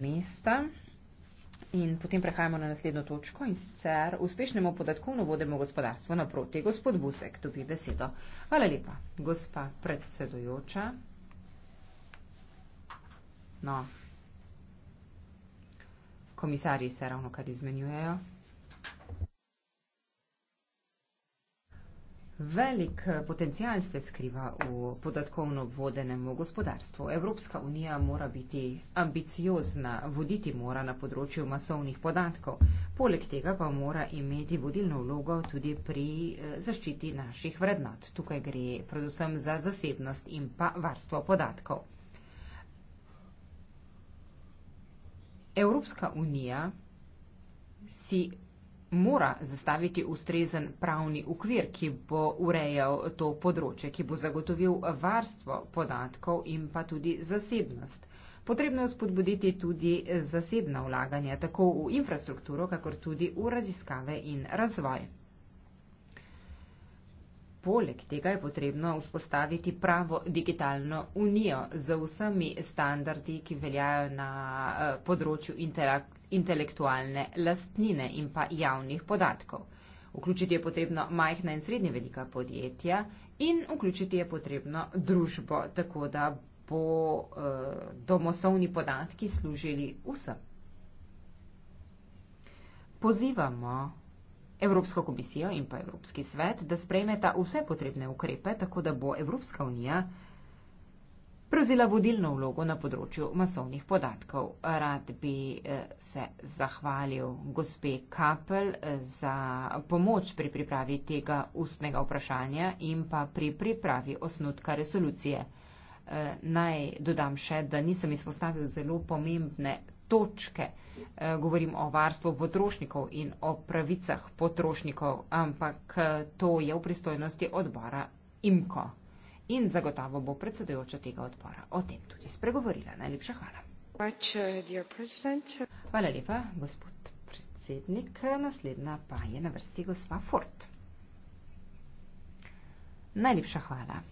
mesta. In potem prehajamo na naslednjo točko in sicer uspešnemu podatkovno vodemo gospodarstvo naproti. Gospod Busek dobi besedo. Hvala lepa, gospa predsedujoča. No, komisarji se ravno kar izmenjujejo. Velik eh, potencijal se skriva v podatkovno vodenem gospodarstvu. Evropska unija mora biti ambiciozna, voditi mora na področju masovnih podatkov, poleg tega pa mora imeti vodilno vlogo tudi pri eh, zaščiti naših vrednot. Tukaj gre predvsem za zasebnost in pa varstvo podatkov. Evropska unija si mora zastaviti ustrezen pravni ukvir, ki bo urejal to področje, ki bo zagotovil varstvo podatkov in pa tudi zasebnost. Potrebno je spodbuditi tudi zasebna vlaganja, tako v infrastrukturo, kakor tudi v raziskave in razvoj. Poleg tega je potrebno vzpostaviti pravo digitalno unijo z vsemi standardi, ki veljajo na eh, področju interakcije intelektualne lastnine in pa javnih podatkov. Vključiti je potrebno majhna in srednje velika podjetja in vključiti je potrebno družbo, tako da bo eh, domosovni podatki služili vsem. Pozivamo Evropsko komisijo in pa Evropski svet, da sprejmeta vse potrebne ukrepe, tako da bo Evropska unija prevzela vodilno vlogo na področju masovnih podatkov. Rad bi eh, se zahvalil gospe Kapel eh, za pomoč pri pripravi tega ustnega vprašanja in pa pri pripravi osnutka resolucije. Eh, naj dodam še, da nisem izpostavil zelo pomembne točke. Govorim o varstvu potrošnikov in o pravicah potrošnikov, ampak to je v pristojnosti odbora IMKO in zagotavo bo predsedujoča tega odbora o tem tudi spregovorila. Najlepša hvala. Much, uh, hvala lepa, gospod predsednik. Naslednja pa je na vrsti gospa Ford. Najlepša hvala.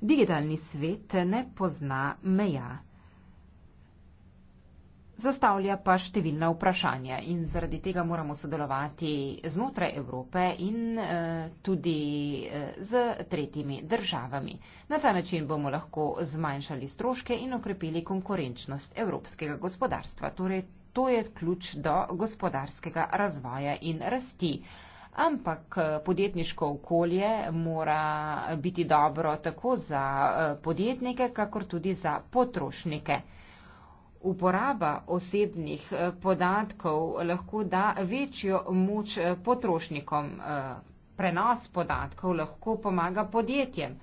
Digitalni svet ne pozna meja zastavlja pa številna vprašanja in zaradi tega moramo sodelovati znotraj Evrope in eh, tudi eh, z tretjimi državami. Na ta način bomo lahko zmanjšali stroške in okrepili konkurenčnost evropskega gospodarstva. Torej, to je ključ do gospodarskega razvoja in rasti. Ampak eh, podjetniško okolje mora biti dobro tako za podjetnike, kakor tudi za potrošnike uporaba osebnih eh, podatkov lahko da večjo moč eh, potrošnikom. Eh, prenos podatkov lahko pomaga podjetjem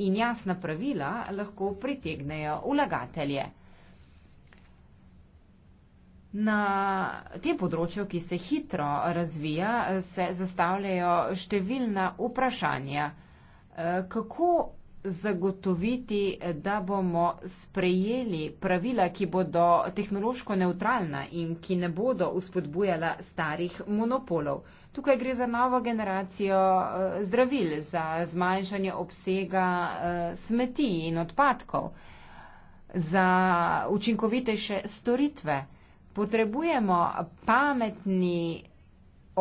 in jasna pravila lahko pritegnejo vlagatelje. Na tem področju, ki se hitro razvija, se zastavljajo številna vprašanja. Kako zagotoviti, da bomo sprejeli pravila, ki bodo tehnološko neutralna in ki ne bodo uspodbujala starih monopolov. Tukaj gre za novo generacijo eh, zdravil, za zmanjšanje obsega eh, smeti in odpadkov, za učinkovitejše storitve. Potrebujemo pametni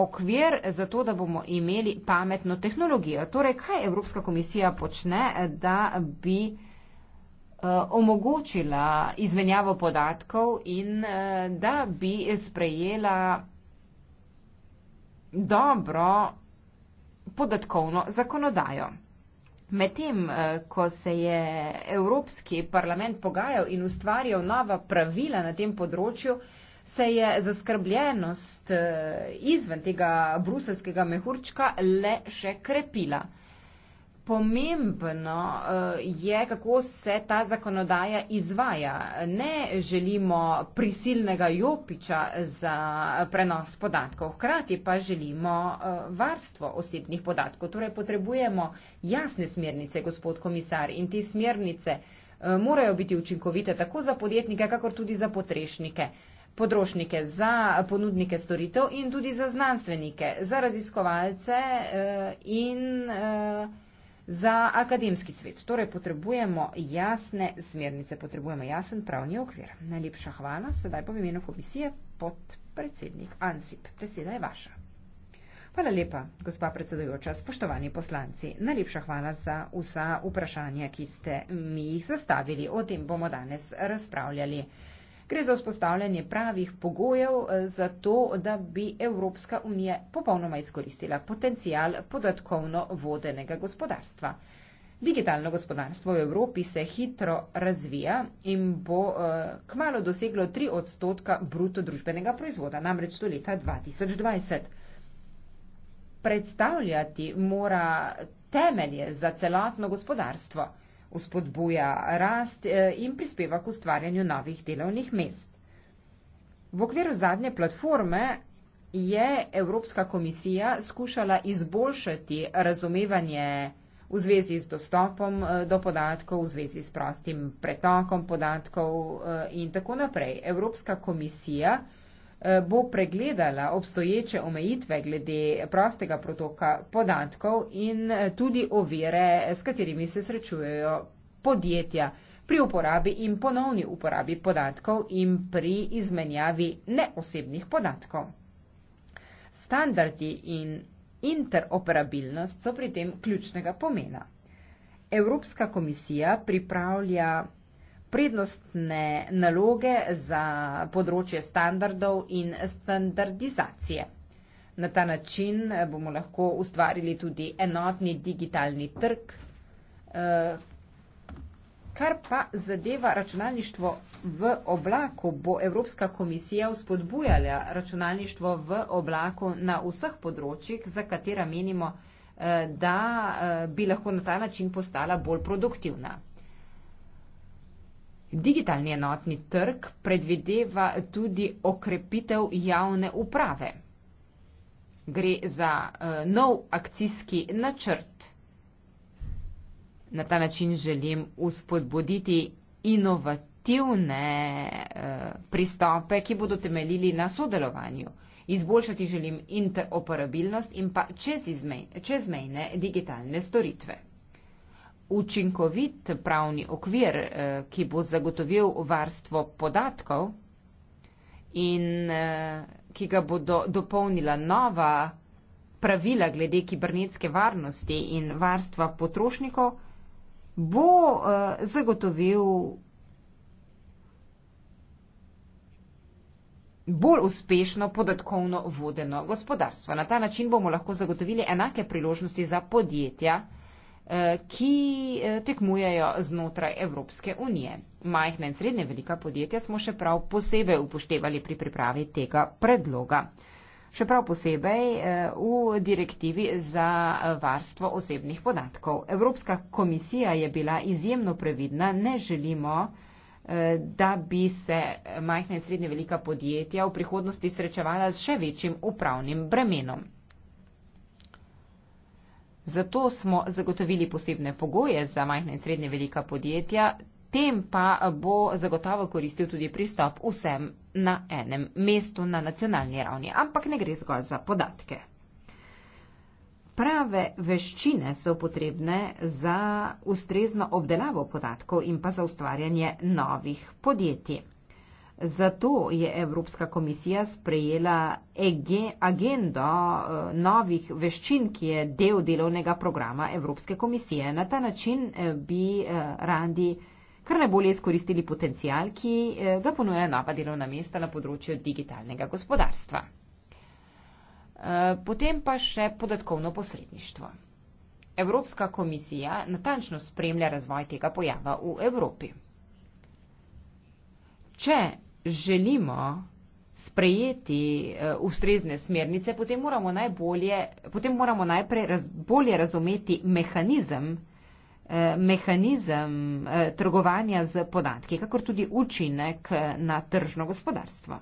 okvir za to, da bomo imeli pametno tehnologijo. Torej, kaj Evropska komisija počne, da bi eh, omogočila izmenjavo podatkov in eh, da bi sprejela dobro podatkovno zakonodajo. Medtem, eh, ko se je Evropski parlament pogajal in ustvarjal nova pravila na tem področju, se je zaskrbljenost eh, izven tega bruselskega mehurčka le še krepila. Pomembno eh, je, kako se ta zakonodaja izvaja. Ne želimo prisilnega jopiča za prenos podatkov, hkrati pa želimo eh, varstvo osebnih podatkov. Torej potrebujemo jasne smernice, gospod komisar, in te smernice morajo biti učinkovite tako za podjetnike, kakor tudi za potrešnike potrošnike, za ponudnike storitev in tudi za znanstvenike, za raziskovalce eh, in eh, za akademski svet. Torej potrebujemo jasne smernice, potrebujemo jasen pravni okvir. Najlepša hvala. Sedaj pa v imenu komisije podpredsednik Ansip. Beseda je vaša. Hvala lepa, gospa predsedujoča, spoštovani poslanci. Najlepša hvala za vsa vprašanja, ki ste mi jih zastavili. O tem bomo danes razpravljali. Gre za vzpostavljanje pravih pogojev eh, za to, da bi Evropska unija popolnoma izkoristila potencijal podatkovno vodenega gospodarstva. Digitalno gospodarstvo v Evropi se hitro razvija in bo eh, kmalo doseglo 3 odstotka bruto družbenega proizvoda, namreč do leta 2020. Predstavljati mora temelje za celotno gospodarstvo vzpodbuja rast eh, in prispeva k ustvarjanju novih delovnih mest. V okviru zadnje platforme je Evropska komisija skušala izboljšati razumevanje v zvezi z dostopom eh, do podatkov, v zvezi s prostim pretokom podatkov eh, in tako naprej. Evropska komisija Eh, bo pregledala obstoječe omejitve glede prostega protoka podatkov in eh, tudi ovire, eh, s katerimi se srečujejo podjetja pri uporabi in ponovni uporabi podatkov in pri izmenjavi neosebnih podatkov. Standardi in interoperabilnost so pri tem ključnega pomena. Evropska komisija pripravlja prednostne naloge za področje standardov in standardizacije. Na ta način eh, bomo lahko ustvarili tudi enotni digitalni trg, eh, kar pa zadeva računalništvo v oblaku, bo Evropska komisija uspodbujala računalništvo v oblaku na vseh področjih, za katera menimo, eh, da bi lahko na ta način postala bolj produktivna. Digitalni enotni trg predvideva tudi okrepitev javne uprave. Gre za uh, nov akcijski načrt. Na ta način želim uspodbuditi inovativne uh, pristope, ki bodo temeljili na sodelovanju. Izboljšati želim interoperabilnost in pa čezmejne čez digitalne storitve učinkovit pravni okvir, eh, ki bo zagotovil varstvo podatkov in eh, ki ga bodo dopolnila nova pravila glede kibernetske varnosti in varstva potrošnikov, bo eh, zagotovil bolj uspešno podatkovno vodeno gospodarstvo. Na ta način bomo lahko zagotovili enake priložnosti za podjetja, Eh, ki eh, tekmujejo znotraj Evropske unije. Majhna in srednje velika podjetja smo še prav posebej upoštevali pri pripravi tega predloga. Še prav posebej eh, v direktivi za varstvo osebnih podatkov. Evropska komisija je bila izjemno previdna, ne želimo, da bi se majhna in srednje velika podjetja v prihodnosti srečevala z še večjim upravnim bremenom. Zato smo zagotovili posebne pogoje za majhne in srednje velika podjetja, tem pa bo zagotovo koristil tudi pristop vsem na enem mestu na nacionalni ravni, ampak ne gre zgolj za podatke. Prave veščine so potrebne za ustrezno obdelavo podatkov in pa za ustvarjanje novih podjetij. Zato je Evropska komisija sprejela agendo eh, novih veščin, ki je del delovnega programa Evropske komisije. Na ta način eh, bi eh, radi kar najbolje izkoristili potencial, ki ga ponuja nova delovna mesta na področju digitalnega gospodarstva. Potem pa še podatkovno posredništvo. Evropska komisija natančno spremlja razvoj tega pojava v Evropi. Če želimo sprejeti uh, ustrezne smernice, potem moramo, najbolje, potem moramo najprej raz, bolje razumeti mehanizem, uh, mehanizem uh, trgovanja z podatki, kakor tudi učinek na tržno gospodarstvo.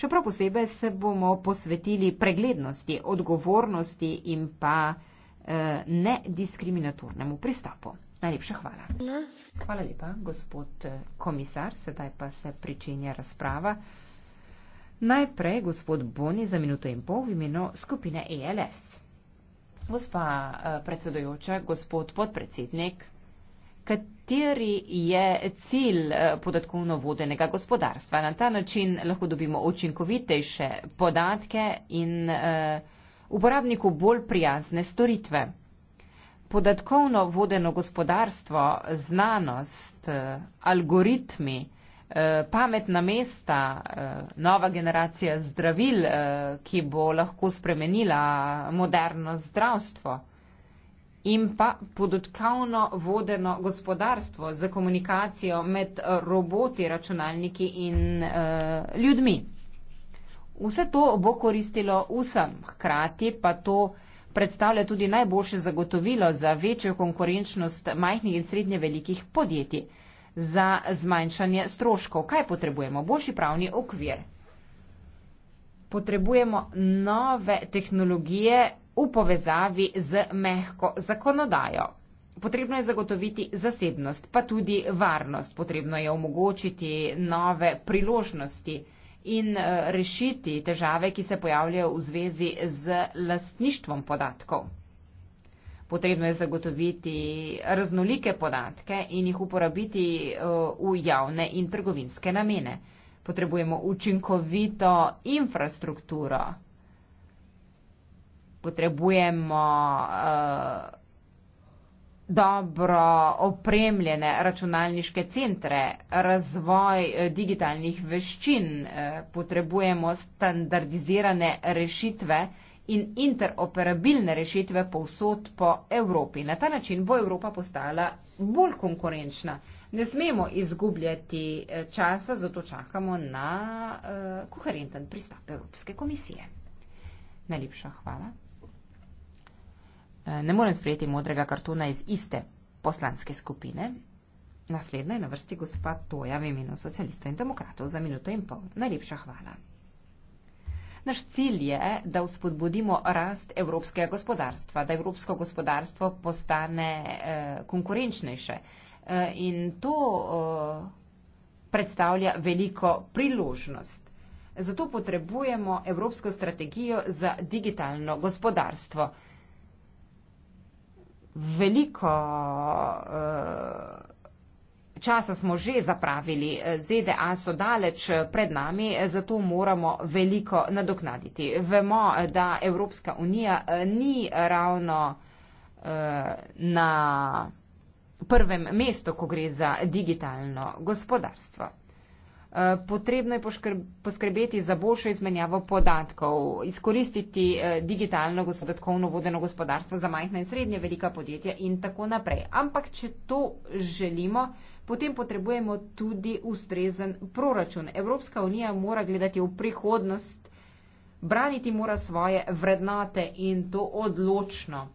Še prav posebej se bomo posvetili preglednosti, odgovornosti in pa uh, nediskriminatornemu pristopu. Najlepša hvala. Ne. Hvala lepa, gospod eh, komisar. Sedaj pa se pričenja razprava. Najprej gospod Boni za minuto in pol v imenu skupine ELS. Gospa eh, predsedojoča, gospod podpredsednik, kateri je cilj eh, podatkovno vodenega gospodarstva? Na ta način lahko dobimo učinkovitejše podatke in uporabniku bolj prijazne storitve podatkovno vodeno gospodarstvo, znanost, eh, algoritmi, eh, pametna mesta, eh, nova generacija zdravil, ki bo lahko spremenila moderno zdravstvo in pa podatkovno vodeno gospodarstvo za komunikacijo med roboti, računalniki in ljudmi. Vse to bo koristilo vsem, hkrati pa to predstavlja tudi najboljše zagotovilo za večjo konkurenčnost majhnih in srednje velikih podjetij, za zmanjšanje stroškov. Kaj potrebujemo? Boljši pravni okvir. Potrebujemo nove tehnologije v povezavi z mehko zakonodajo. Potrebno je zagotoviti zasebnost, pa tudi varnost. Potrebno je omogočiti nove priložnosti in eh, rešiti težave, ki se pojavljajo v zvezi z lastništvom podatkov. Potrebno je zagotoviti raznolike podatke in jih uporabiti eh, v javne in trgovinske namene. Potrebujemo učinkovito infrastrukturo. Potrebujemo uh, dobro opremljene računalniške centre, razvoj eh, digitalnih veščin, eh, potrebujemo standardizirane rešitve in interoperabilne rešitve povsod po Evropi. Na ta način bo Evropa postala bolj konkurenčna. Ne smemo izgubljati eh, časa, zato čakamo na koherenten pristop Evropske komisije. Najlepša hvala. Eh, ne morem sprejeti modrega kartona iz iste poslanske skupine. Naslednja je na vrsti gospa Toja v imenu socialistov in demokratov za minuto in pol. Najlepša hvala. Naš cilj je, da vzpodbudimo rast evropskega gospodarstva, da evropsko gospodarstvo postane eh, konkurenčnejše. Eh, in to eh, predstavlja veliko priložnost. Zato potrebujemo evropsko strategijo za digitalno gospodarstvo. Eh, veliko eh, časa smo že zapravili. ZDA so daleč eh, pred nami, eh, zato moramo veliko nadoknaditi. Vemo, da Evropska unija ni ravno na prvem mestu, ko gre za digitalno gospodarstvo. Eh, potrebno je poskrbeti za boljšo izmenjavo podatkov, izkoristiti eh, digitalno podatkovno vodeno gospodarstvo za majhna in srednje velika podjetja in tako naprej. Ampak, če to želimo, potem potrebujemo tudi ustrezen proračun. Evropska unija mora gledati v prihodnost, braniti mora svoje vrednote in to odločno.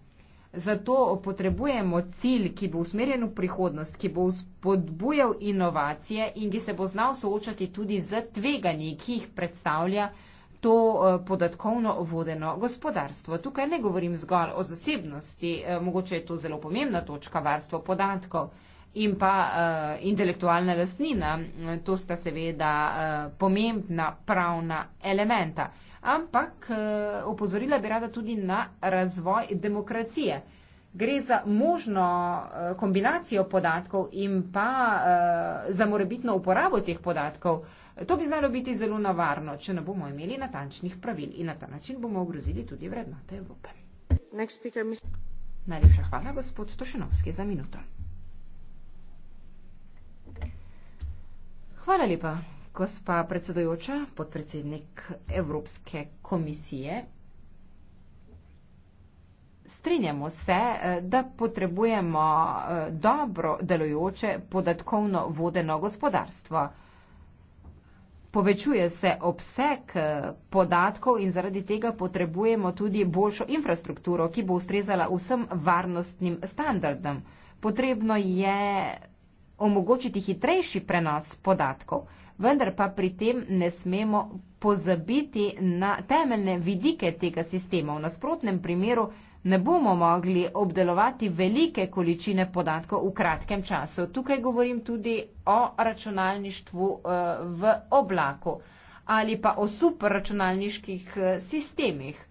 Zato potrebujemo cilj, ki bo usmerjen v prihodnost, ki bo spodbujal inovacije in ki se bo znal soočati tudi z tveganji, ki jih predstavlja to eh, podatkovno vodeno gospodarstvo. Tukaj ne govorim zgolj o zasebnosti, eh, mogoče je to zelo pomembna točka varstva podatkov in pa uh, intelektualna lastnina, to sta seveda uh, pomembna pravna elementa ampak eh, opozorila bi rada tudi na razvoj demokracije. Gre za možno eh, kombinacijo podatkov in pa eh, za morebitno uporabo teh podatkov. To bi znalo biti zelo navarno, če ne bomo imeli natančnih pravil in na ta način bomo ogrozili tudi vrednote Evrope. Najlepša hvala, gospod Tošinovski, za minuto. Hvala lepa, gospa predsedujoča, podpredsednik Evropske komisije. Strinjamo se, eh, da potrebujemo eh, dobro delujoče podatkovno vodeno gospodarstvo. Povečuje se obseg eh, podatkov in zaradi tega potrebujemo tudi boljšo infrastrukturo, ki bo ustrezala vsem varnostnim standardom. Potrebno je omogočiti hitrejši prenos podatkov vendar pa pri tem ne smemo pozabiti na temeljne vidike tega sistema. V nasprotnem primeru ne bomo mogli obdelovati velike količine podatkov v kratkem času. Tukaj govorim tudi o računalništvu eh, v oblaku ali pa o superračunalniških eh, sistemih.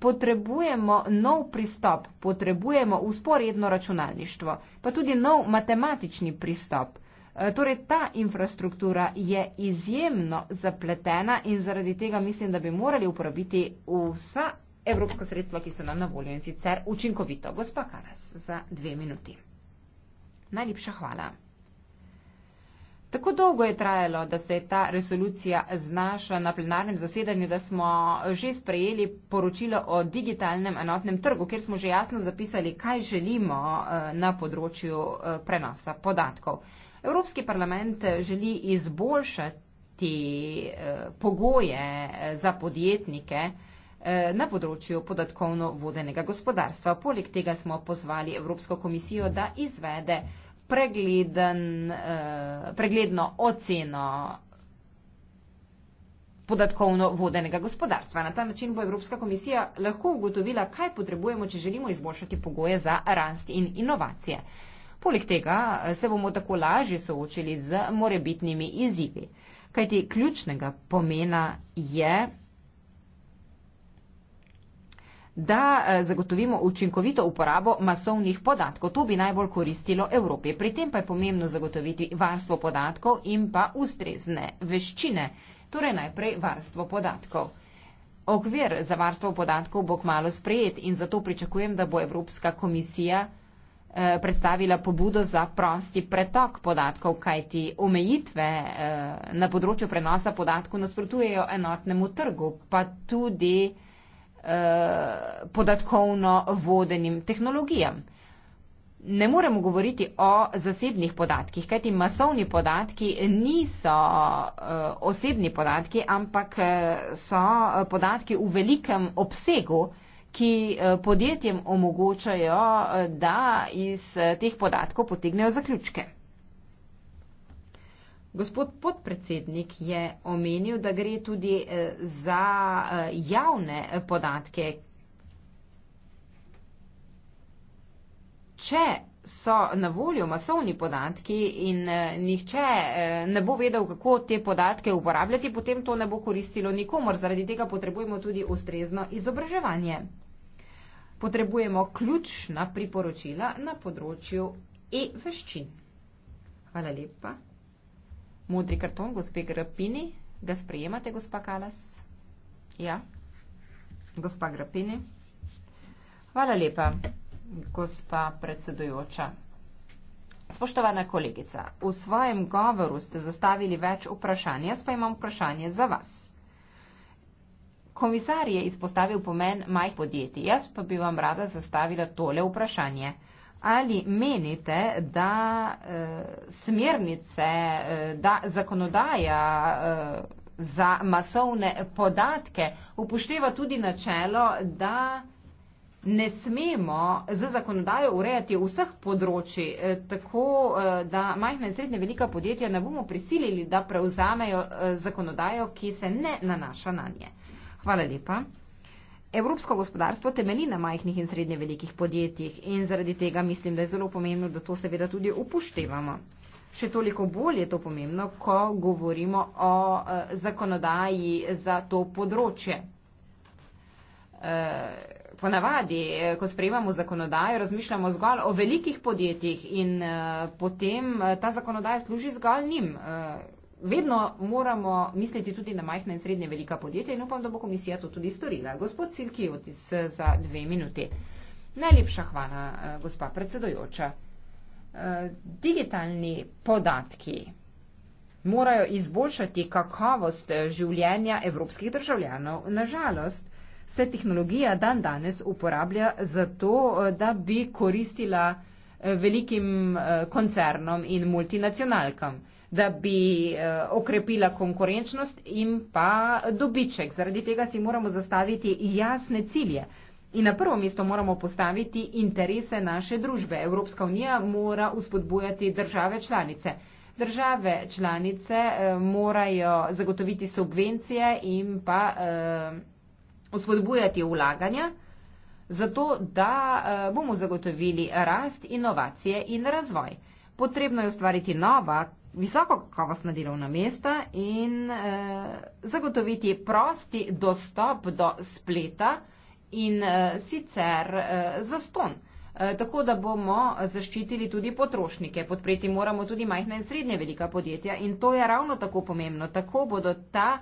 Potrebujemo nov pristop, potrebujemo usporedno računalništvo, pa tudi nov matematični pristop. Eh, torej, ta infrastruktura je izjemno zapletena in zaradi tega mislim, da bi morali uporabiti vsa evropska sredstva, ki so nam na voljo in sicer učinkovito. Gospa Karas, za dve minuti. Najlepša hvala. Tako dolgo je trajalo, da se je ta resolucija znašla na plenarnem zasedanju, da smo že sprejeli poročilo o digitalnem enotnem trgu, kjer smo že jasno zapisali, kaj želimo eh, na področju eh, prenosa podatkov. Evropski parlament eh, želi izboljšati eh, pogoje eh, za podjetnike na področju podatkovno vodenega gospodarstva. Poleg tega smo pozvali Evropsko komisijo, da izvede pregleden, pregledno oceno podatkovno vodenega gospodarstva. Na ta način bo Evropska komisija lahko ugotovila, kaj potrebujemo, če želimo izboljšati pogoje za rast in inovacije. Poleg tega eh, se bomo tako lažje soočili z morebitnimi izzivi, kajti ključnega pomena je, da eh, zagotovimo učinkovito uporabo masovnih podatkov. To bi najbolj koristilo Evropi. Pri tem pa je pomembno zagotoviti varstvo podatkov in pa ustrezne veščine. Torej najprej varstvo podatkov. Okvir za varstvo podatkov bo kmalo sprejet in zato pričakujem, da bo Evropska komisija Eh, predstavila pobudo za prosti pretok podatkov, kajti omejitve eh, na področju prenosa podatkov nasprotujejo enotnemu trgu, pa tudi eh, podatkovno vodenim tehnologijam. Ne moremo govoriti o zasebnih podatkih, kajti masovni podatki niso osebni podatki, ampak so podatki v velikem obsegu, ki eh, podjetjem omogočajo, eh, da iz eh, teh podatkov potegnejo zaključke. Gospod podpredsednik je omenil, da gre tudi za javne podatke. Če so na voljo masovni podatki in nihče ne bo vedel, kako te podatke uporabljati, potem to ne bo koristilo nikomor. Zaradi tega potrebujemo tudi ustrezno izobraževanje potrebujemo ključna priporočila na področju e-veščin. Hvala lepa. Modri karton, gospe Grapini, ga sprejemate, gospa Kalas? Ja, gospa Grapini. Hvala lepa, gospa predsedujoča. Spoštovana kolegica, v svojem govoru ste zastavili več vprašanja, pa imam vprašanje za vas. Komisar je izpostavil pomen majhnih podjetij. Jaz pa bi vam rada zastavila tole vprašanje. Ali menite, da e, smernice, eh, da zakonodaja e, za masovne podatke upošteva tudi načelo, da ne smemo za zakonodajo urejati vseh področji, e, tako e, da majhne in srednje velika podjetja ne bomo prisilili, da prevzamejo e, zakonodajo, ki se ne nanaša na nje? Hvala lepa. Evropsko gospodarstvo temeli na majhnih in srednje velikih podjetjih in zaradi tega mislim, da je zelo pomembno, da to seveda tudi upoštevamo. Še toliko bolj je to pomembno, ko govorimo o e, zakonodaji za to področje. E, ponavadi, e, ko sprejemamo zakonodajo, razmišljamo zgolj o velikih podjetjih in e, potem e, ta zakonodaja služi zgolj njim. E, vedno moramo misliti tudi na majhna in srednje velika podjetja in upam, da bo komisija to tudi storila. Gospod Silkiotis za dve minute. Najlepša hvala, eh, gospa predsedojoča. Eh, digitalni podatki morajo izboljšati kakovost eh, življenja evropskih državljanov. Nažalost, se tehnologija dan danes uporablja za to, da bi koristila velikim koncernom in multinacionalkam da bi eh, okrepila konkurenčnost in pa dobiček. Zaradi tega si moramo zastaviti jasne cilje. In na prvo mesto moramo postaviti interese naše družbe. Evropska unija mora uspodbujati države članice. Države članice eh, morajo zagotoviti subvencije in pa eh, uspodbujati vlaganja, zato da bomo zagotovili rast, inovacije in razvoj. Potrebno je ustvariti nova visoko kakovostna delovna mesta in eh, zagotoviti prosti dostop do spleta in eh, sicer eh, zaston. Eh, tako da bomo zaščitili tudi potrošnike. Podpreti moramo tudi majhna in srednje velika podjetja in to je ravno tako pomembno. Tako bodo ta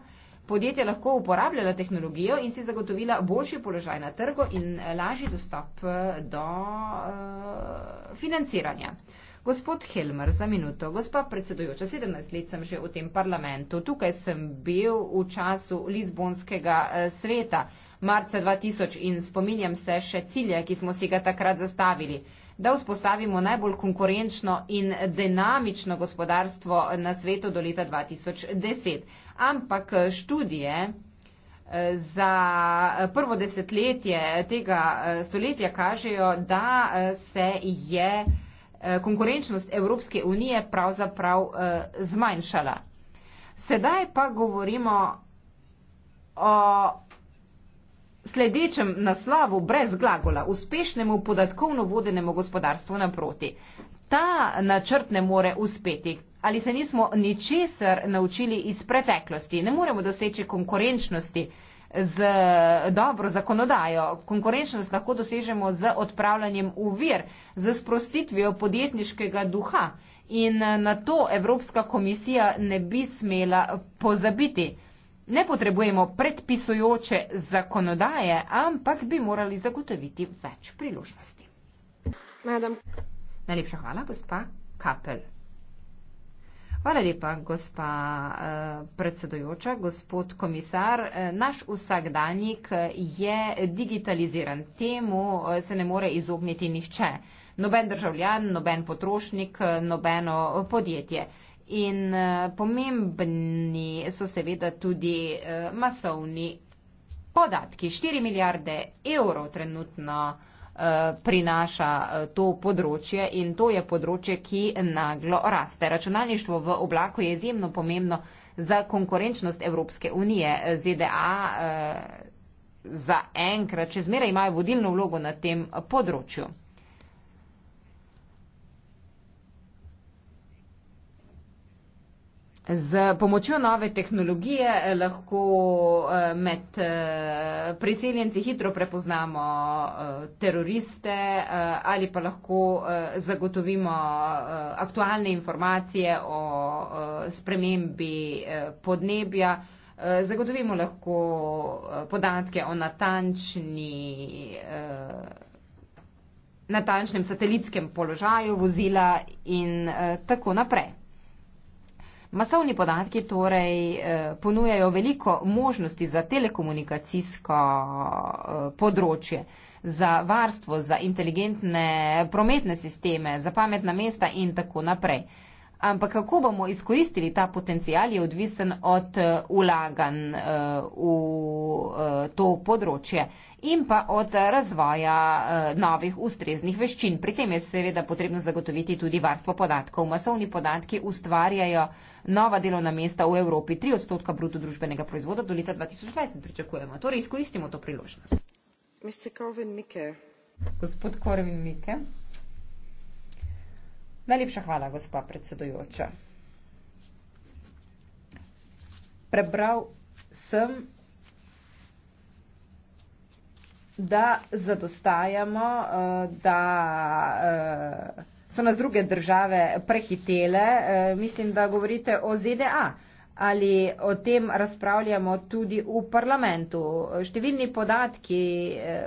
podjetja lahko uporabljala tehnologijo in si zagotovila boljši položaj na trgu in eh, lažji dostop eh, do uh, financiranja. Uh, Gospod Helmer, za minuto. Gospa predsedujoča, 17 let sem že v tem parlamentu. Tukaj sem bil v času Lizbonskega eh, sveta, marca 2000 in spominjam se še cilja, ki smo si ga takrat zastavili, da vzpostavimo najbolj konkurenčno in dinamično gospodarstvo na svetu do leta 2010. Ampak eh, študije. Eh, za prvo desetletje tega stoletja kažejo, da se je Eh, konkurenčnost Evropske unije pravzaprav eh, zmanjšala. Sedaj pa govorimo o sledečem naslovu brez glagola, uspešnemu podatkovno vodenemu gospodarstvu naproti. Ta načrt ne more uspeti. Ali se nismo ničesar naučili iz preteklosti? Ne moremo doseči konkurenčnosti z dobro zakonodajo. Konkurenčnost lahko dosežemo z odpravljanjem uvir, z sprostitvijo podjetniškega duha in eh, na to Evropska komisija ne bi smela pozabiti. Ne potrebujemo predpisujoče zakonodaje, ampak bi morali zagotoviti več priložnosti. Madam. Najlepša hvala, gospa Kapel. Hvala lepa, gospa eh, predsedujoča, gospod komisar. Eh, naš vsakdanjik eh, je digitaliziran. Temu se ne more izogniti nihče. Noben državljan, noben potrošnik, nobeno podjetje. In pomembni so seveda tudi masovni podatki. 4 milijarde evrov trenutno. Eh, prinaša eh, to področje in to je področje, ki naglo raste. Računalništvo v oblaku je izjemno pomembno za konkurenčnost Evropske unije. ZDA eh, za enkrat, če zmeraj imajo vodilno vlogo na tem področju. z pomočjo nove tehnologije eh, lahko eh, med eh, priseljenci hitro prepoznamo teroriste ali pa lahko zagotovimo aktualne informacije o spremembi podnebja. Zagotovimo lahko podatke o natančni, natančnem satelitskem položaju vozila in tako naprej. Masovni podatki torej eh, ponujajo veliko možnosti za telekomunikacijsko eh, področje, za varstvo, za inteligentne prometne sisteme, za pametna mesta in tako naprej. Ampak kako bomo izkoristili ta potencial, je odvisen od ulaganj eh, eh, v eh, to področje in pa od razvoja novih ustreznih veščin. Pri tem je seveda potrebno zagotoviti tudi varstvo podatkov. Masovni podatki ustvarjajo nova delovna mesta v Evropi, 3 odstotka bruto družbenega proizvoda do leta 2020 pričakujemo. Torej, izkoristimo to priložnost. Gospod Korvin Mike. Gospod Korvin Mike. Najlepša hvala, gospa predsedujoča. Prebral sem, da zadostajamo, eh, da eh, so nas druge države prehitele. Eh, mislim, da govorite o ZDA. Ali o tem razpravljamo tudi v parlamentu? Številni podatki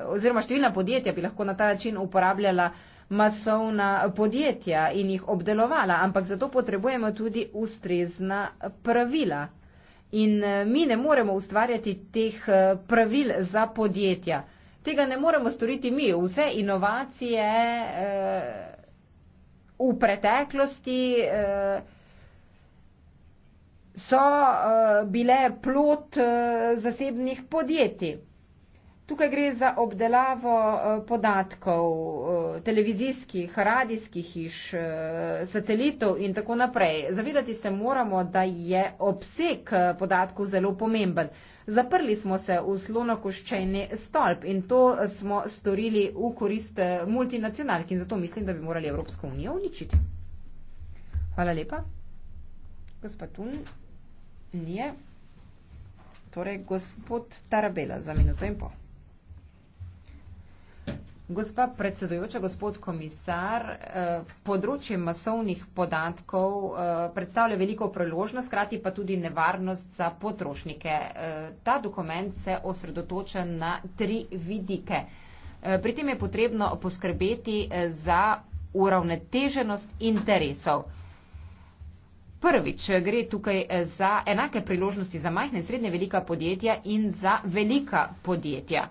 oziroma številna podjetja bi lahko na ta način uporabljala masovna podjetja in jih obdelovala, ampak zato potrebujemo tudi ustrezna pravila. In eh, mi ne moremo ustvarjati teh eh, pravil za podjetja. Tega ne moremo storiti mi. Vse inovacije eh, v preteklosti eh, so eh, bile plot eh, zasebnih podjetij. Tukaj gre za obdelavo eh, podatkov eh, televizijskih, radijskih hiš, eh, satelitov in tako naprej. Zavedati se moramo, da je obseg podatkov zelo pomemben. Zaprli smo se v slonokoščajni stolp in to smo storili v korist multinacionalk in zato mislim, da bi morali Evropsko unijo uničiti. Hvala lepa. Gospod Tun, nije. Torej, gospod Tarabela za minuto in pol. Gospa predsedujoča, gospod komisar, eh, področje masovnih podatkov eh, predstavlja veliko priložnost, krati pa tudi nevarnost za potrošnike. Eh, ta dokument se osredotoča na tri vidike. Pri tem je potrebno poskrbeti za uravnoteženost interesov. Prvič gre tukaj za enake priložnosti za majhne in srednje velika podjetja in za velika podjetja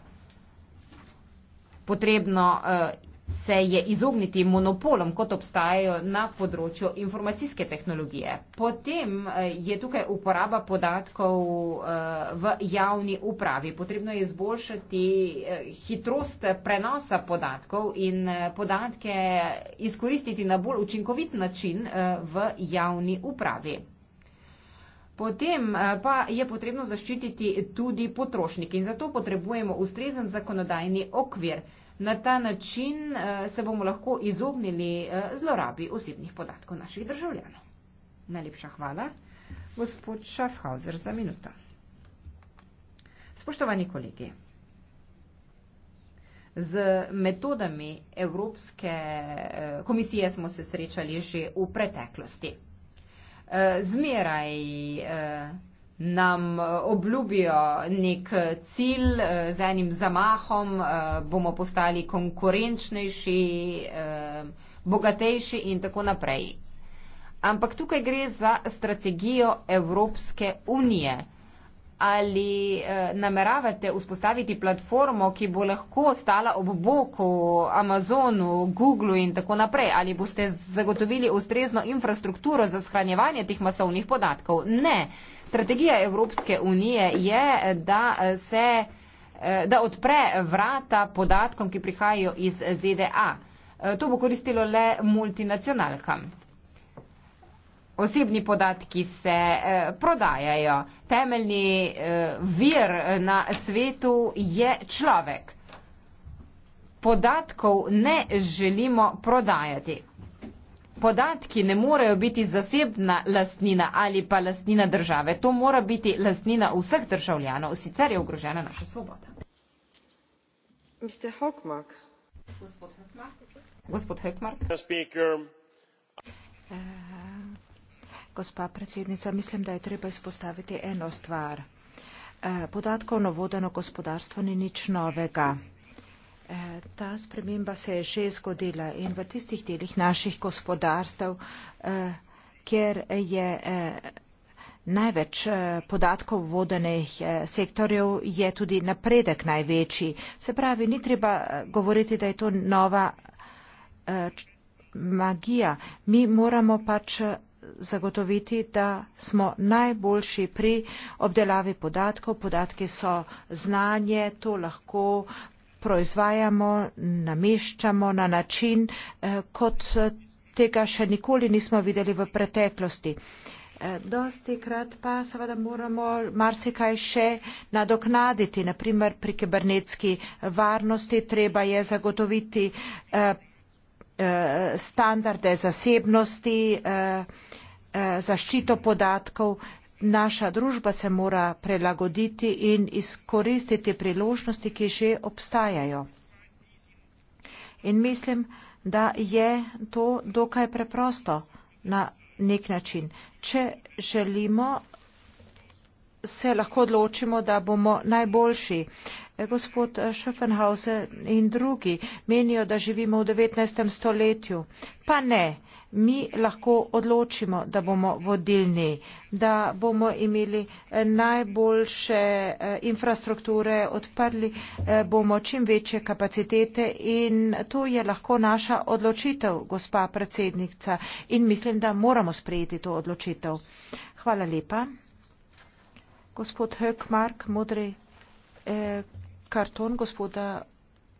potrebno eh, se je izogniti monopolom, kot obstajajo na področju informacijske tehnologije. Potem eh, je tukaj uporaba podatkov eh, v javni upravi. Potrebno je izboljšati hitrost prenosa podatkov in podatke izkoristiti na bolj učinkovit način v javni upravi. Potem eh, pa je potrebno zaščititi tudi potrošnike in zato potrebujemo ustrezen zakonodajni okvir. Na ta način eh, se bomo lahko izognili eh, zlorabi osebnih podatkov naših državljanov. Najlepša hvala, gospod Schaffhauser, za minuto. Spoštovani kolegi, z metodami Evropske komisije smo se srečali že v preteklosti. Eh, zmeraj eh, nam eh, obljubijo nek cilj, z enim zamahom bomo postali konkurenčnejši, bogatejši in tako naprej. Ampak tukaj gre za strategijo Evropske unije ali eh, nameravate vzpostaviti platformo, ki bo lahko stala ob boku Amazonu, Googlu in tako naprej? Ali boste zagotovili ustrezno infrastrukturo za shranjevanje teh masovnih podatkov? Ne. Strategija Evropske unije je, da eh, se eh, da odpre vrata podatkom, ki prihajajo iz ZDA. To bo koristilo le multinacionalkam osebni podatki se eh, prodajajo. Temeljni eh, vir eh, na svetu je človek. Podatkov ne želimo prodajati. Podatki ne morejo biti zasebna lastnina ali pa lastnina države. To mora biti lastnina vseh državljanov, sicer je ogrožena naša svoboda. Gospod Hökmark. Gospod Hökmark. Gospod Hökmark. Gospa predsednica, mislim, da je treba izpostaviti eno stvar. Eh, Podatkovno vodeno gospodarstvo ni nič novega. Eh, ta sprememba se je že zgodila in v tistih delih naših gospodarstv, eh, kjer je največ podatkov vodenih sektorjev, je tudi napredek največji. Se pravi, ni treba govoriti, da je to nova magija. Mi moramo pač zagotoviti da smo najboljši pri obdelavi podatkov podatki so znanje to lahko proizvajamo nameščamo na način eh, kot eh, tega še nikoli nismo videli v preteklosti eh, dostikrat pa seveda moramo marsikaj še nadoknaditi naprimer pri kibernetski varnosti treba je zagotoviti Eh, standarde zasebnosti, eh, eh, zaščito podatkov. Naša družba se mora prilagoditi in izkoristiti priložnosti, ki že obstajajo. In mislim, da je to dokaj preprosto na nek način. Če želimo, se lahko odločimo, da bomo najboljši. Eh, gospod eh, schaffenhauser in drugi menijo da živimo v devetnajstem stoletju pa ne mi lahko odločimo da bomo vodilni da bomo imeli eh, najboljše infrastrukture odprli bomo čim večje kapacitete in to je lahko naša odločitev gospa predsednica in mislim da moramo sprejeti to odločitev hvala lepa gospod hökmark modri eh, karton gospoda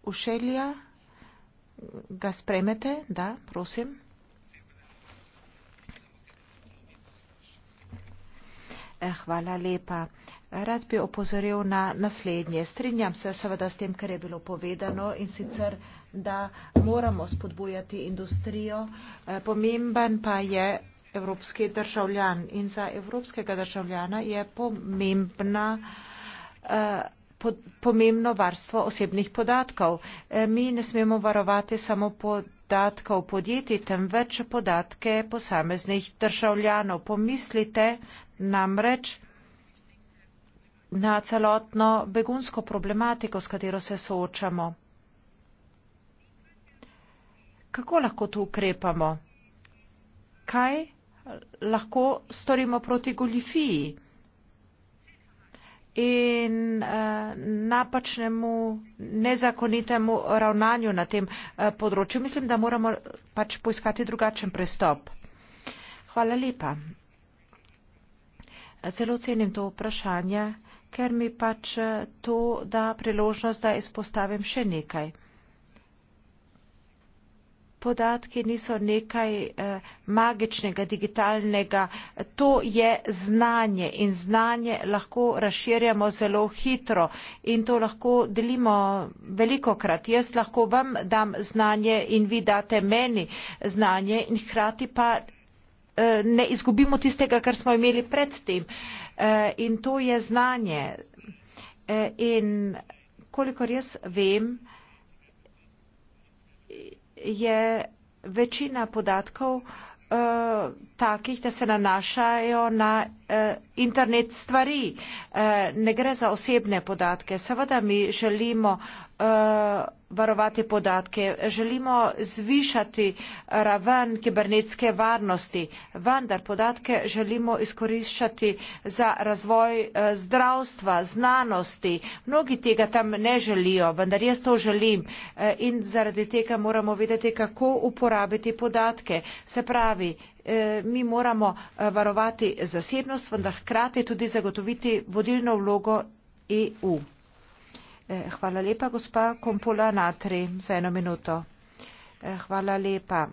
Ušelja. Ga spremete? Da, prosim. Eh, hvala lepa. Rad bi opozoril na naslednje. Strinjam se seveda s tem, kar je bilo povedano in sicer, da moramo spodbujati industrijo. Eh, pomemben pa je evropski državljan in za evropskega državljana je pomembna. Uh, pomembno varstvo osebnih podatkov. E, mi ne smemo varovati samo podatkov podjetij, temveč podatke posameznih državljanov. Pomislite namreč na celotno begunsko problematiko, s katero se soočamo. Kako lahko tu ukrepamo? Kaj lahko storimo proti goljifiji? in uh, napačnemu, nezakonitemu ravnanju na tem uh, področju. Mislim, da moramo pač poiskati drugačen pristop. Hvala lepa. Zelo cenim to vprašanje, ker mi pač eh, to da priložnost, da izpostavim še nekaj podatki niso nekaj eh, magičnega, digitalnega. To je znanje in znanje lahko razširjamo zelo hitro in to lahko delimo veliko krat. Jaz lahko vam dam znanje in vi date meni znanje in hkrati pa eh, ne izgubimo tistega, kar smo imeli predtem. Eh, in to je znanje. In kolikor jaz vem, je večina podatkov uh, takih, da se nanašajo na eh, internet stvari. Eh, ne gre za osebne podatke. Seveda mi želimo eh, varovati podatke, želimo zvišati eh, raven kibernetske varnosti, vendar podatke želimo izkoriščati za razvoj eh, zdravstva, znanosti. Mnogi tega tam ne želijo, vendar jaz to želim eh, in zaradi tega moramo vedeti, kako uporabiti podatke. Se pravi, Eh, mi moramo eh, varovati zasebnost, vendar hkrati tudi zagotoviti vodilno vlogo EU. Eh, hvala lepa, gospa Kompola Natri, za eno minuto. Hvala lepa.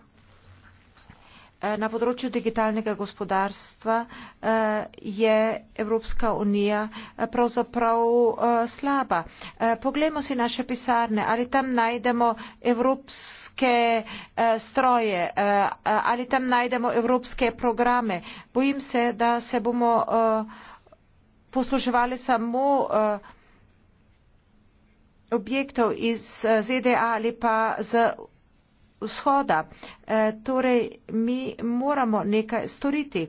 Eh, na področju digitalnega gospodarstva eh, je Evropska unija eh, pravzaprav slaba. Poglejmo si naše pisarne, ali tam najdemo evropske stroje, ali tam najdemo evropske programe. Bojim se, da se bomo posluževali samo objektov iz ZDA ali pa z vzhoda. E, torej, mi moramo nekaj storiti.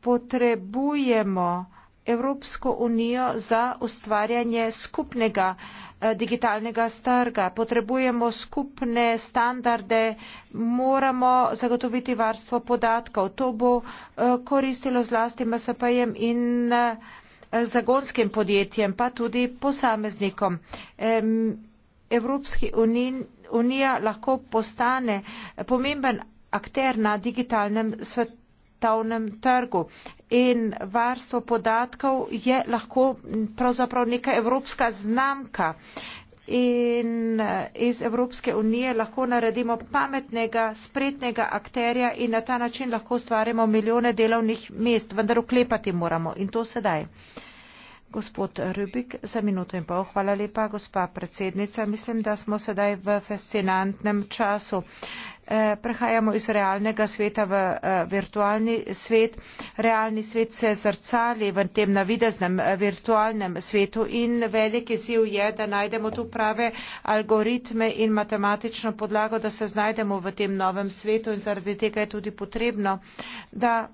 Potrebujemo Evropsko unijo za ustvarjanje skupnega e, digitalnega starga. Potrebujemo skupne standarde, moramo zagotoviti varstvo podatkov. To bo e, koristilo zlasti MSP-jem in zagonskim podjetjem, pa tudi posameznikom evropski unija lahko postane pomemben akter na digitalnem svetovnem trgu in varstvo podatkov je lahko pravzaprav neka evropska znamka in eh, iz Evropske unije lahko naredimo pametnega, spretnega akterja in na ta način lahko ustvarimo milijone delovnih mest, vendar uklepati moramo in to sedaj. Gospod Rubik, za minuto in pol. Hvala lepa, gospa predsednica. Mislim, da smo sedaj v fascinantnem času. Eh, prehajamo iz realnega sveta v eh, virtualni svet. Realni svet se zrcali v tem navideznem eh, virtualnem svetu in velik izziv je, da najdemo tu prave algoritme in matematično podlago, da se znajdemo v tem novem svetu in zaradi tega je tudi potrebno, da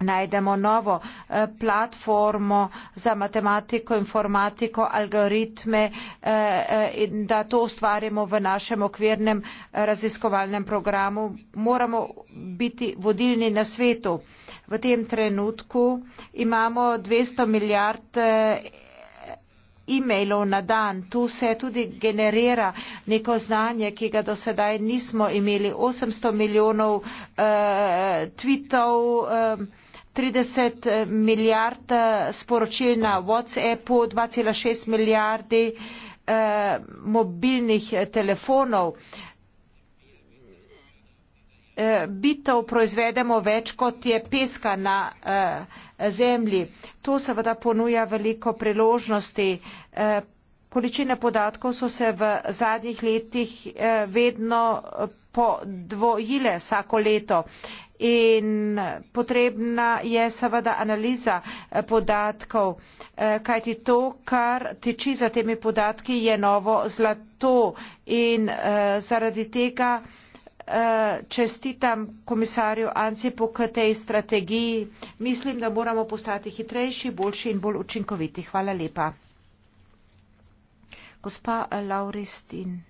najdemo novo eh, platformo za matematiko, informatiko, algoritme eh, eh, in da to ustvarimo v našem okvirnem raziskovalnem programu. Moramo biti vodilni na svetu. V tem trenutku imamo 200 milijard e-mailov na dan. Tu se tudi generira neko znanje, ki ga do sedaj nismo imeli. 800 milijonov uh, tweetov. Uh, 30 eh, milijard eh, sporočil na WhatsAppu, 2,6 milijardi eh, mobilnih telefonov. Bitev proizvedemo več, kot je peska na zemlji. To seveda ponuja veliko priložnosti. Količine podatkov so se v zadnjih letih vedno podvojile vsako leto in potrebna je seveda analiza eh, podatkov, eh, kajti to, kar tiči za temi podatki, je novo zlato in eh, zaradi tega čestitam komisarju Ancipu k tej strategiji. Mislim, da moramo postati hitrejši, boljši in bolj učinkoviti. Hvala lepa. Gospa Lauristin.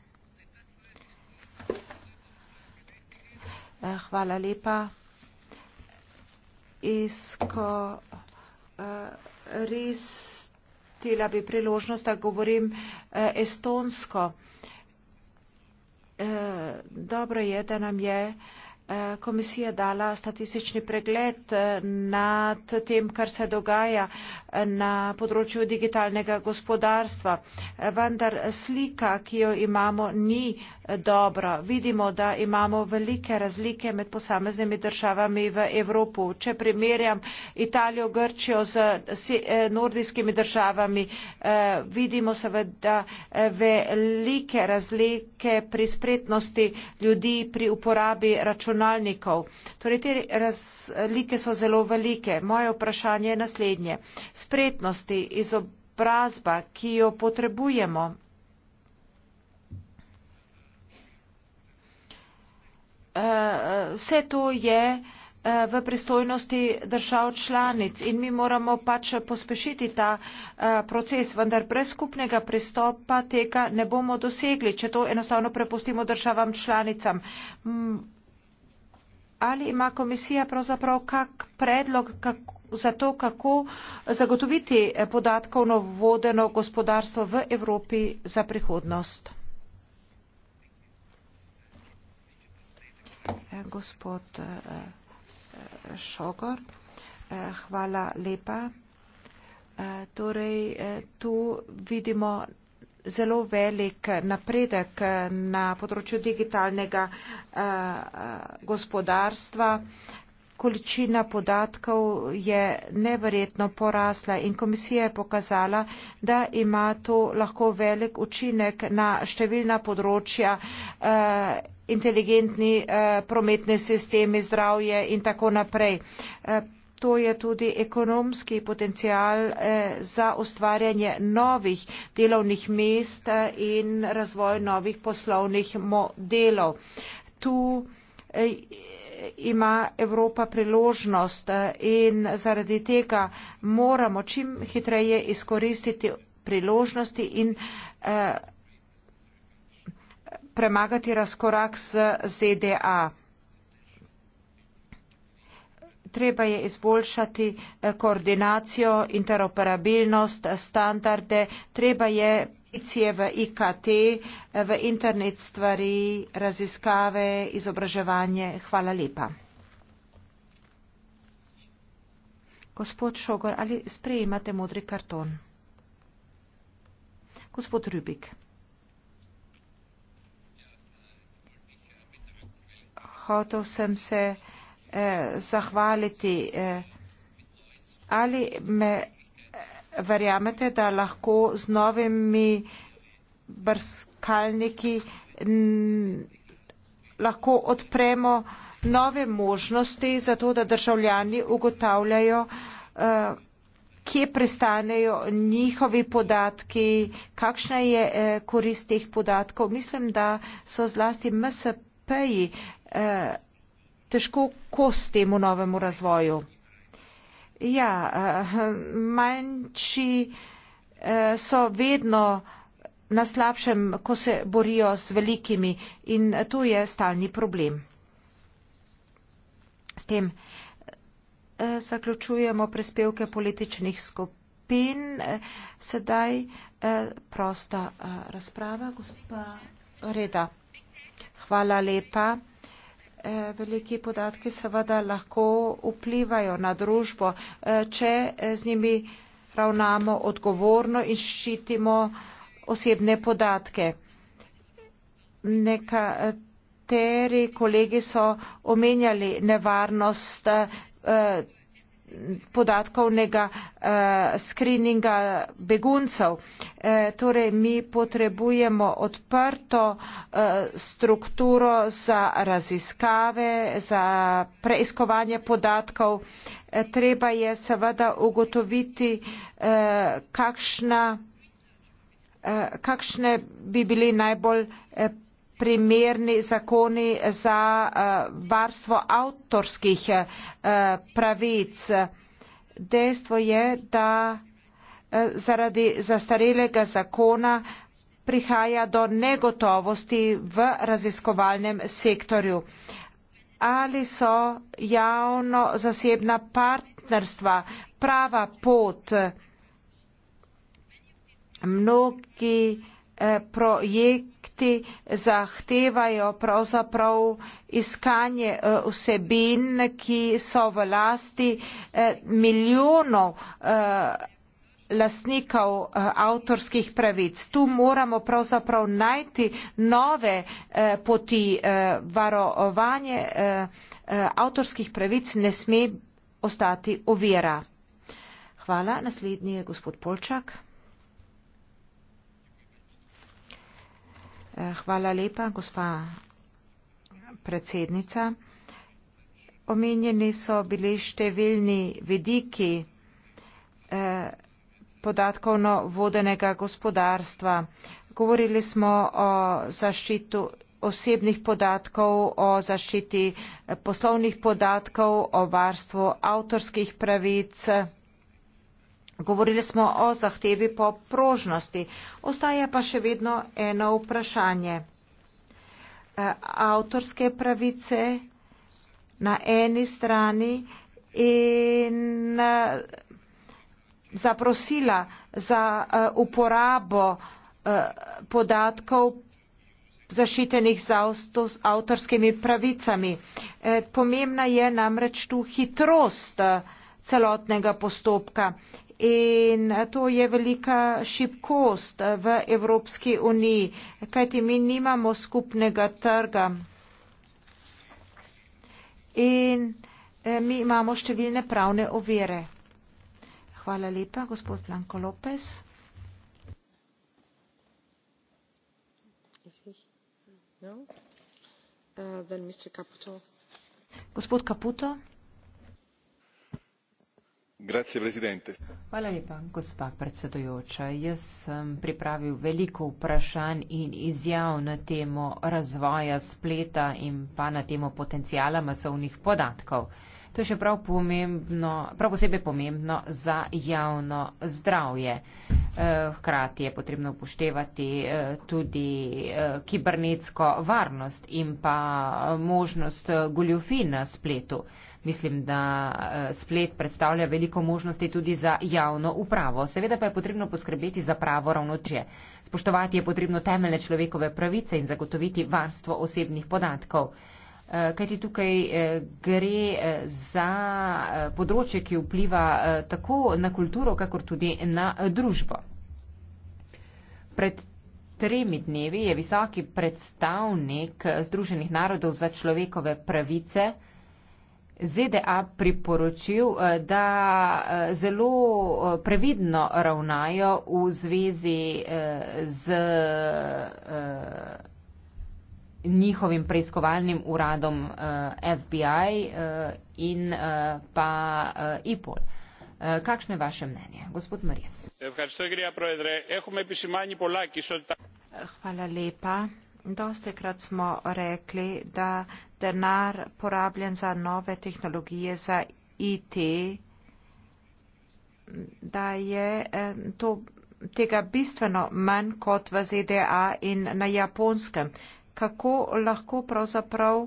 Hvala lepa. Esko, eh, res tela bi priložnost, da govorim eh, estonsko. Eh, dobro je, da nam je. Eh, komisija dala statistični pregled eh, nad tem, kar se dogaja eh, na področju digitalnega gospodarstva. Vendar slika, ki jo imamo, ni dobra. Vidimo, da imamo velike razlike med posameznimi državami v Evropi. Če primerjam Italijo, Grčijo z nordijskimi državami, vidimo seveda velike razlike pri spretnosti ljudi pri uporabi računalnika računalnikov torej te razlike so zelo velike moje vprašanje je naslednje spretnosti izobrazba ki jo potrebujemo eh, vse to je eh, v pristojnosti držav članic in mi moramo pač pospešiti ta eh, proces, vendar brez skupnega pristopa tega ne bomo dosegli, če to enostavno prepustimo državam članicam ali ima komisija pravzaprav kak predlog kak, za to, kako zagotoviti eh, podatkovno vodeno gospodarstvo v Evropi za prihodnost? Eh, gospod eh, Šogor, hvala lepa. Torej, tu vidimo zelo velik napredek na področju digitalnega eh, eh, gospodarstva. Količina podatkov je neverjetno porasla in komisija je pokazala, da ima to lahko velik učinek na številna področja, eh, inteligentni prometni sistemi, zdravje in tako naprej to je tudi ekonomski potencial eh, za ustvarjanje novih delovnih mest eh, in razvoj novih poslovnih modelov. Tu eh, ima Evropa priložnost in zaradi tega moramo čim hitreje izkoristiti priložnosti in premagati razkorak z ZDA treba je izboljšati eh, koordinacijo, interoperabilnost, standarde, treba je investicije v IKT, eh, v internet stvari, raziskave, izobraževanje. Hvala lepa. Gospod Šogor, ali sprejemate modri karton? Gospod Rubik. Hotel sem se eh, zahvaliti. Eh, ali me eh, verjamete, da lahko z novimi brskalniki lahko odpremo nove možnosti za to, da državljani ugotavljajo, eh, kje pristanejo njihovi podatki, kakšna je eh, korist teh podatkov. Mislim, da so zlasti MSP-ji eh, težko kos temu novemu razvoju. Ja, eh, manjši eh, so vedno na slabšem, ko se borijo z velikimi in tu je stalni problem. S tem eh, zaključujemo prispevke političnih skupin. Sedaj prosta razprava, gospa Reda. Hvala lepa. Eh, veliki podatki seveda lahko vplivajo na družbo, eh, če eh, z njimi ravnamo odgovorno in ščitimo osebne podatke. Nekateri kolegi so omenjali nevarnost podatkovnega uh, eh, skrininga beguncev. Uh, torej, mi potrebujemo odprto uh, strukturo za raziskave, za preiskovanje podatkov. Uh, treba je seveda ugotoviti, uh, kakšna, uh, kakšne bi bili najbolj uh, primerni zakoni za eh, varstvo avtorskih eh, pravic. Dejstvo je, da eh, zaradi zastarelega zakona prihaja do negotovosti v raziskovalnem sektorju. Ali so javno-zasebna partnerstva prava pot? Mnogi Eh, projekti zahtevajo pravzaprav iskanje eh, vsebin, ki so v lasti eh, milijonov lastnikov avtorskih pravic. Tu moramo pravzaprav najti nove poti varovanje avtorskih pravic ne sme ostati uvira. Hvala. Naslednji je gospod Polčak. Eh, hvala lepa, gospa predsednica. Omenjeni so bili številni vidiki eh, podatkovno vodenega gospodarstva. Govorili smo o zaščitu osebnih podatkov, o zaščiti eh, poslovnih podatkov, o varstvu avtorskih pravic. Govorili smo o zahtevi po prožnosti. Ostaja pa še vedno eno vprašanje. E, avtorske pravice na eni strani in e, zaprosila za e, uporabo podatkov zaščitenih z avtorskimi pravicami. Pomembna je namreč tu hitrost celotnega postopka in to je velika šibkost v Evropski uniji, kajti mi nimamo skupnega trga. In eh, mi imamo številne pravne ovire. Hvala lepa, gospod Blanko Lopez. No? Uh, gospod Kaputo. Hvala lepa, gospa predsedujoča. Jaz sem pripravil veliko vprašanj in izjav na temo razvoja spleta in pa na temo potencijala masovnih podatkov. To je še prav, pomembno, prav posebej pomembno za javno zdravje. Eh, hkrati je potrebno upoštevati eh, tudi eh, kibernetsko varnost in pa možnost goljufi na spletu. Mislim, da eh, splet predstavlja veliko možnosti tudi za javno upravo. Seveda pa je potrebno poskrbeti za pravo ravnotrije. Spoštovati je potrebno temeljne človekove pravice in zagotoviti varstvo osebnih podatkov. Eh, Kaj ti tukaj eh, gre za področje, ki vpliva tako na kulturo, kakor tudi na družbo? Pred tremi dnevi je visoki predstavnik Združenih narodov za človekove pravice ZDA priporočil, eh, da eh, zelo eh, previdno ravnajo v zvezi z njihovim preiskovalnim uradom FBI in pa IPOL. Kakšno je vaše mnenje, gospod Maries? Hvala lepa. Dostekrat smo rekli, da denar porabljen za nove tehnologije, za IT, da je eh, to, tega bistveno manj kot v ZDA in na japonskem. Kako lahko pravzaprav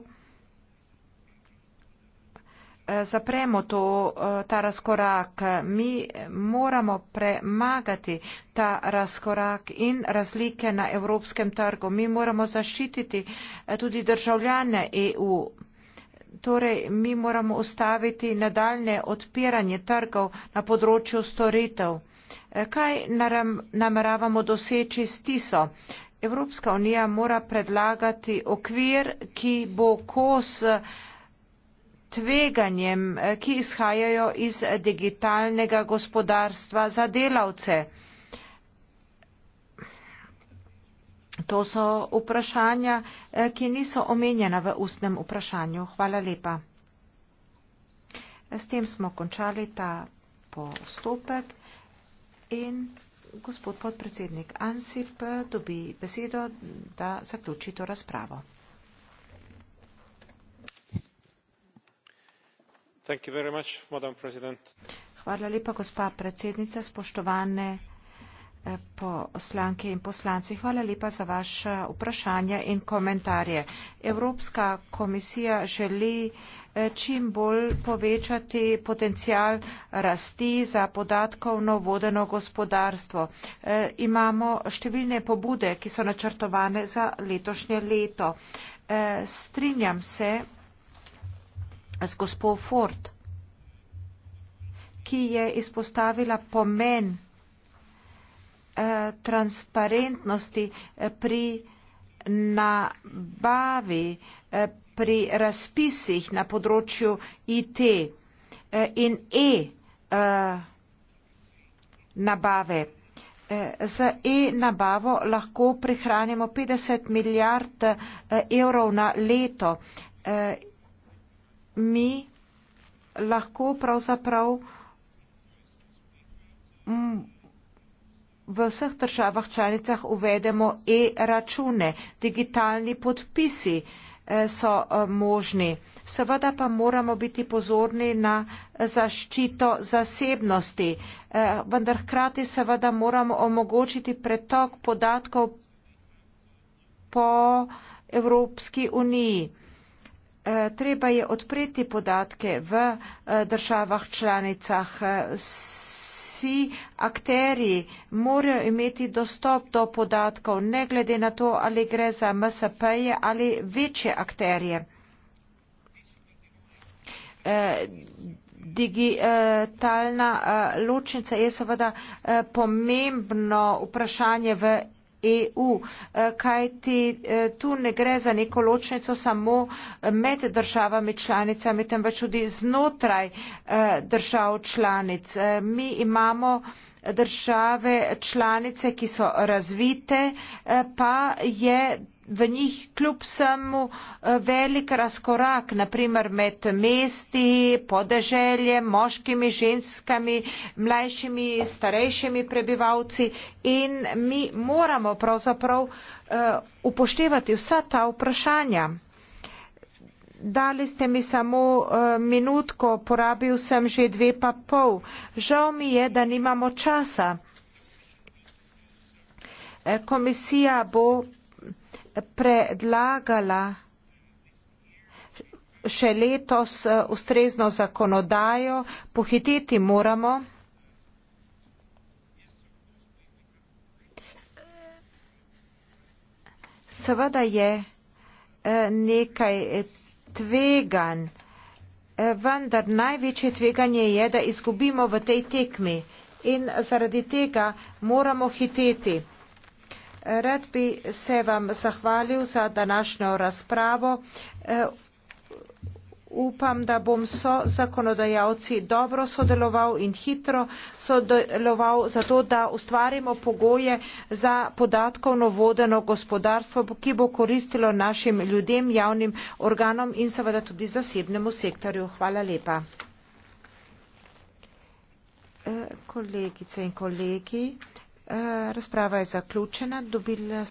zapremo to, eh, ta razkorak. Mi moramo premagati ta razkorak in razlike na evropskem trgu. Mi moramo zaščititi eh, tudi državljane EU. Torej, mi moramo ustaviti nadaljne odpiranje trgov na področju storitev. Eh, kaj nameravamo doseči s TISO? Evropska unija mora predlagati okvir, ki bo kos tveganjem eh, ki izhajajo iz digitalnega gospodarstva za delavce. To so vprašanja, eh, ki niso omenjena v ustnem vprašanju. Hvala lepa. S tem smo končali ta postopek in gospod podpredsednik Ansip eh, dobi besedo, da zaključi to razpravo. Hvala lepa, gospa predsednica, spoštovane eh, poslanke in poslanci. Hvala lepa za vaše vprašanje in komentarje. Evropska komisija želi eh, čim bolj povečati potencial rasti za podatkovno vodeno gospodarstvo. E, imamo številne pobude, ki so načrtovane za letošnje leto. E, strinjam se, z gospod Ford, ki je izpostavila pomen eh, transparentnosti eh, pri nabavi, eh, pri razpisih na področju IT eh, in E eh, nabave. Eh, z e-nabavo lahko prihranimo 50 milijard eh, evrov na leto mi lahko pravzaprav mm, v vseh državah članicah uvedemo e-račune. Digitalni podpisi eh, so eh, možni. Seveda pa moramo biti pozorni na zaščito zasebnosti, eh, vendar hkrati seveda moramo omogočiti pretok podatkov po Evropski uniji. Eh, treba je odpreti podatke v eh, državah članicah. Eh, vsi akteri morajo imeti dostop do podatkov, ne glede na to, ali gre za MSP-je ali večje akterje. Digitalna ločnica je seveda pomembno vprašanje v EU, eh, kajti eh, tu ne gre za neko ločnico samo med državami članicami, temveč tudi znotraj eh, držav članic. Mi imamo države članice, ki so razvite, pa je v njih kljub vsemu eh, velik razkorak, naprimer med mesti, podeželjem, moškimi, ženskami, mlajšimi, starejšimi prebivalci in mi moramo pravzaprav eh, upoštevati vsa ta vprašanja. Dali ste mi samo eh, minutko, porabil sem že dve pa pol. Žal mi je, da nimamo časa. Komisija bo predlagala še letos eh, ustrezno zakonodajo, pohititi moramo. Seveda je eh, nekaj tvegan, eh, vendar največje tveganje je, da izgubimo v tej tekmi in zaradi tega moramo hiteti. Rad bi se vam zahvalil za današnjo razpravo. Eh, upam, da bom so zakonodajalci dobro sodeloval in hitro sodeloval za to, da ustvarimo pogoje za podatkovno vodeno gospodarstvo, ki bo koristilo našim ljudem, javnim organom in seveda tudi zasebnemu sektorju. Hvala lepa. Eh, kolegice in kolegi. Eh, razprava je zaključena dobila